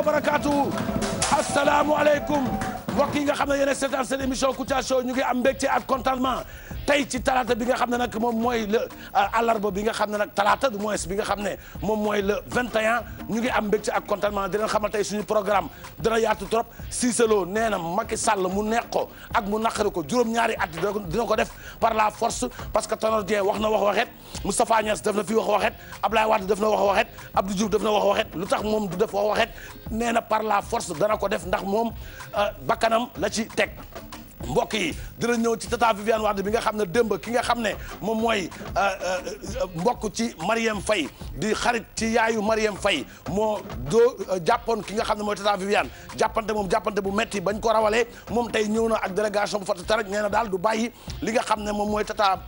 wa barakaatu asalaamualeykum mbokk yi nga xam ne yéen a seetaan seen Show ñu ngi am mbégte ak contentement ci talaata bi nga xam ne na moom mooy le euh, bi nga xam ne na talaata du moins bi nga xam ne moom mooy le 21 ñu ngi am mbégte ak contentement di leen xamal tey suñu programme dana yaatu trop Cissé Lo nee na Macky mu neex ko ak mu naqari ko juróom-ñaari at dina ko def par la force parce que Tanor Dieng wax na wax waxet Moustapha Niass def na fi wax waxet Abdoulaye Wade def na wax waxet Abdou Diouf def na wax waxet lu tax moom du def wax waxet nee def ndax moom euh, bakkanam la ci teg mbokk yi dina ñëw ci tata Viviane Wade bi nga xam ne démb ki nga xam ne moom mooy euh, euh, mbokk ci Marième Faye di xarit ci yaayu Marième fay moo doo ki nga xam mooy tata Viviane jàppante moom jàppante bu metti bañ ko rawalee moom tey ñëw na ak délégation bu fatu tarak nee na daal du bàyyi li nga xam ne moom mooy tata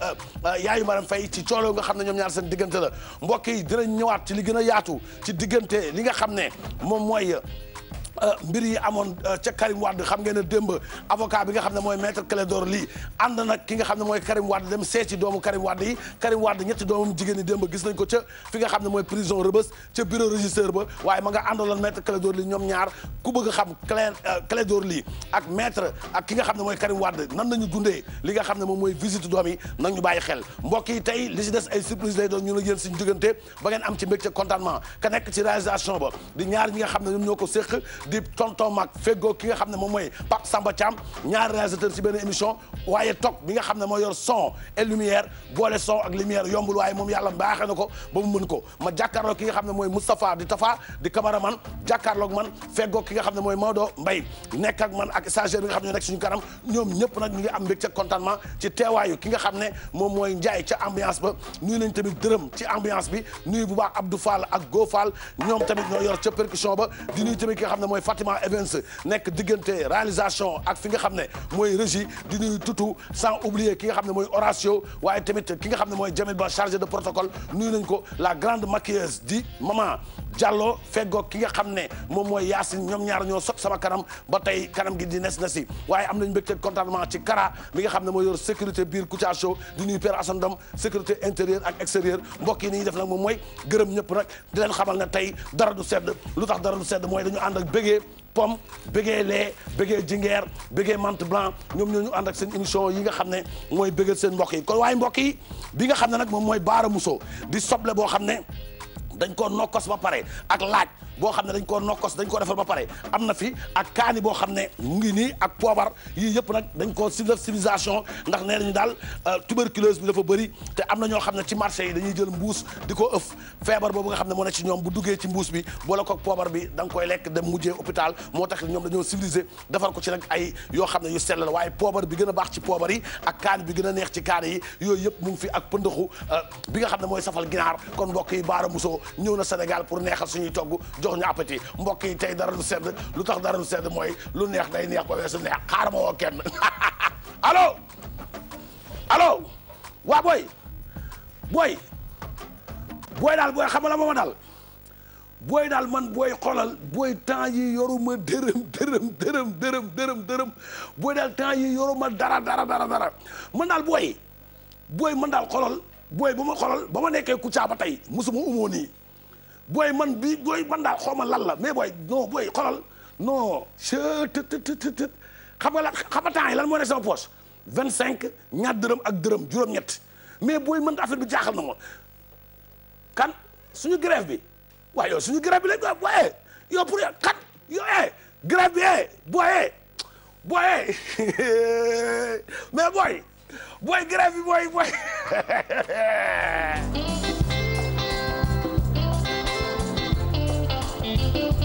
yaayu Marième Faye ci cooloo nga xam ne ñoom ñaar seen diggante la mbokk yi dinañ ñëwaat ci li gën a yaatu ci diggante li nga xam ne moom mooy Euh, mbir yi amoon euh, ca Karim Wade xam ngeen ne démb avocat bi nga xam ne mooy maître Clédor Ly ànd na ki nga xam ne mooy Karim Wade dem seeti doomu Karim Wade yi Karim Wade ñetti doomam jigéen ñi gis nañ ko ca fi nga xam ne mooy prison Rebeuss ca bureau régisseur ba waaye ma nga àndaloon maître Clédor Ly ñoom ñaar ku bëgg a xam euh, Clédor Ly ak metre ak ki nga xam ne mooy Karim Wade nan nañu dundee li nga xam ne moom mooy visite doom yi nag ñu bàyyi xel mbokk yi tey li ci des ay surprise lay doon ñu nag yéen suñu jógante ba ngeen am ci mbégte contentement ka nekk ci réalisation ba di ñaar nga xam ne ñoo ko séq di tonton Mag feggoo ki nga xam ne moom mooy Pape Samba Thiam ñaari réalisateur ci benn émission waaye toog bi nga xam ne moo yor son et lumière boole son ak lumière yombul waaye moom yàlla baaxee na ko ba mu mën ko ma jàkkaarloo ki nga xam ne mooy Moustapha di Tafa di cameraman jàkkaarloog man feggoo ki nga xam ne mooy Maodo Mbaye nekk ak man ak stagiaire bi nga xam ne nekk suñu kanam ñoom ñëpp nag ñu ngi am mbégte contentement ci teewaayu ki nga xam ne moom mooy Njaay ca ambiance ba nuyu nañ tamit dërëm ci ambiance bi nuyu bu baax Abdou Fall ak Go Fall ñoom tamit ñoo yor ca percussion ba di nuyu tamit xam ne mooy Fatima Evans nekk diggante réalisation ak fi nga xam ne mooy régie di nuyu tutu sans oublier ki nga xam ne mooy Horatio waaye tamit ki nga xam ne mooy Jamil Ba chargé de protocole nuyu nañ ko la grande maquilleuse di maman Diallo feggoog ki nga xam ne moom mooy Yacine ñoom ñaar ñoo sot sama kanam ba tey kanam gi di nes na si waaye am nañ mbégte contentement ci Kara mi nga xam ne mooy yor sécurité biir Kouthia Show di nuyu Père Assane Dom sécurité intérieure ak extérieure mbokk yi ni ñuy def nag moom mooy gërëm ñëpp nag di tey dara du sedd bëggee pomme bëggee lait bëggee jingeer bëggee menthe blanc ñoom ñoo ñu ànd ak seen émission yi nga xam ne mooy bëggal seen mbokk yi kon waaye mbokk yi bi nga xam ne nag moom mooy baara musoo di soble boo xam ne dañ koo nokkos ba pare ak laaj boo xam ne dañ koo nokkos dañ ko defar ba pare am na fi ak kaani boo xam ne mu ngi nii ak poobar yii yëpp nag dañ koo civilisation ndax nee nañu daal euh, tuberculose bi dafa bëri te am na ñoo xam ne ci marché yi dañuy jël mbuus di ko ëf feebar boobu nga xam ne moo ne ci ñoom bu duggee ci mbuus bi boole ko poobar bi da koy lekk dem mujjee hôpital moo tax ñoom dañoo civilisé defar ko ci nag ay yoo xam ne yu sell la waaye poobar bi gën a baax ci poobar yi ak kaan bi gën neex ci kaan yi yooyu yëpp mu ngi fi ak pëndaxu euh, bi nga xam ne mooy safal ginaar kon mbokk yi baara musoo ñëw na Sénégal pour neexal suñuy togg jox ñu appétit mbokk yi tey dara du sedd lu tax dara du sedd mooy lu neex day neex ba weesu neex xaaral ma woo kenn allo alo waa booy booy booy daal booy xamala ma ma daal booy daal man booy xoolal booy temps yi yoruma dërëm dërëm dërëm dërëm dërëm dërëm booy daal temps yi yoruma dara dara dara dara man daal booy booy man daal xolol booy ba ma xoolal ba ma nekkee Kouthia ba tey musuma umoo nii booy man bi booy man daal xaw ma lan la mais booy non booy xolal non je te te te xam nga la xam nga temps yi lan moo sama poche vingt cinq ñaat dërëm ak dërëm juróom-ñett mais booy man affaire bi jaaxal na ma kan suñu grève bi waaye yow suñu grève bi lañ koy booyee yow pour yow kan yow eh grève bi eh booyee booyee mais booy booy grève bi booy booy. Thank you.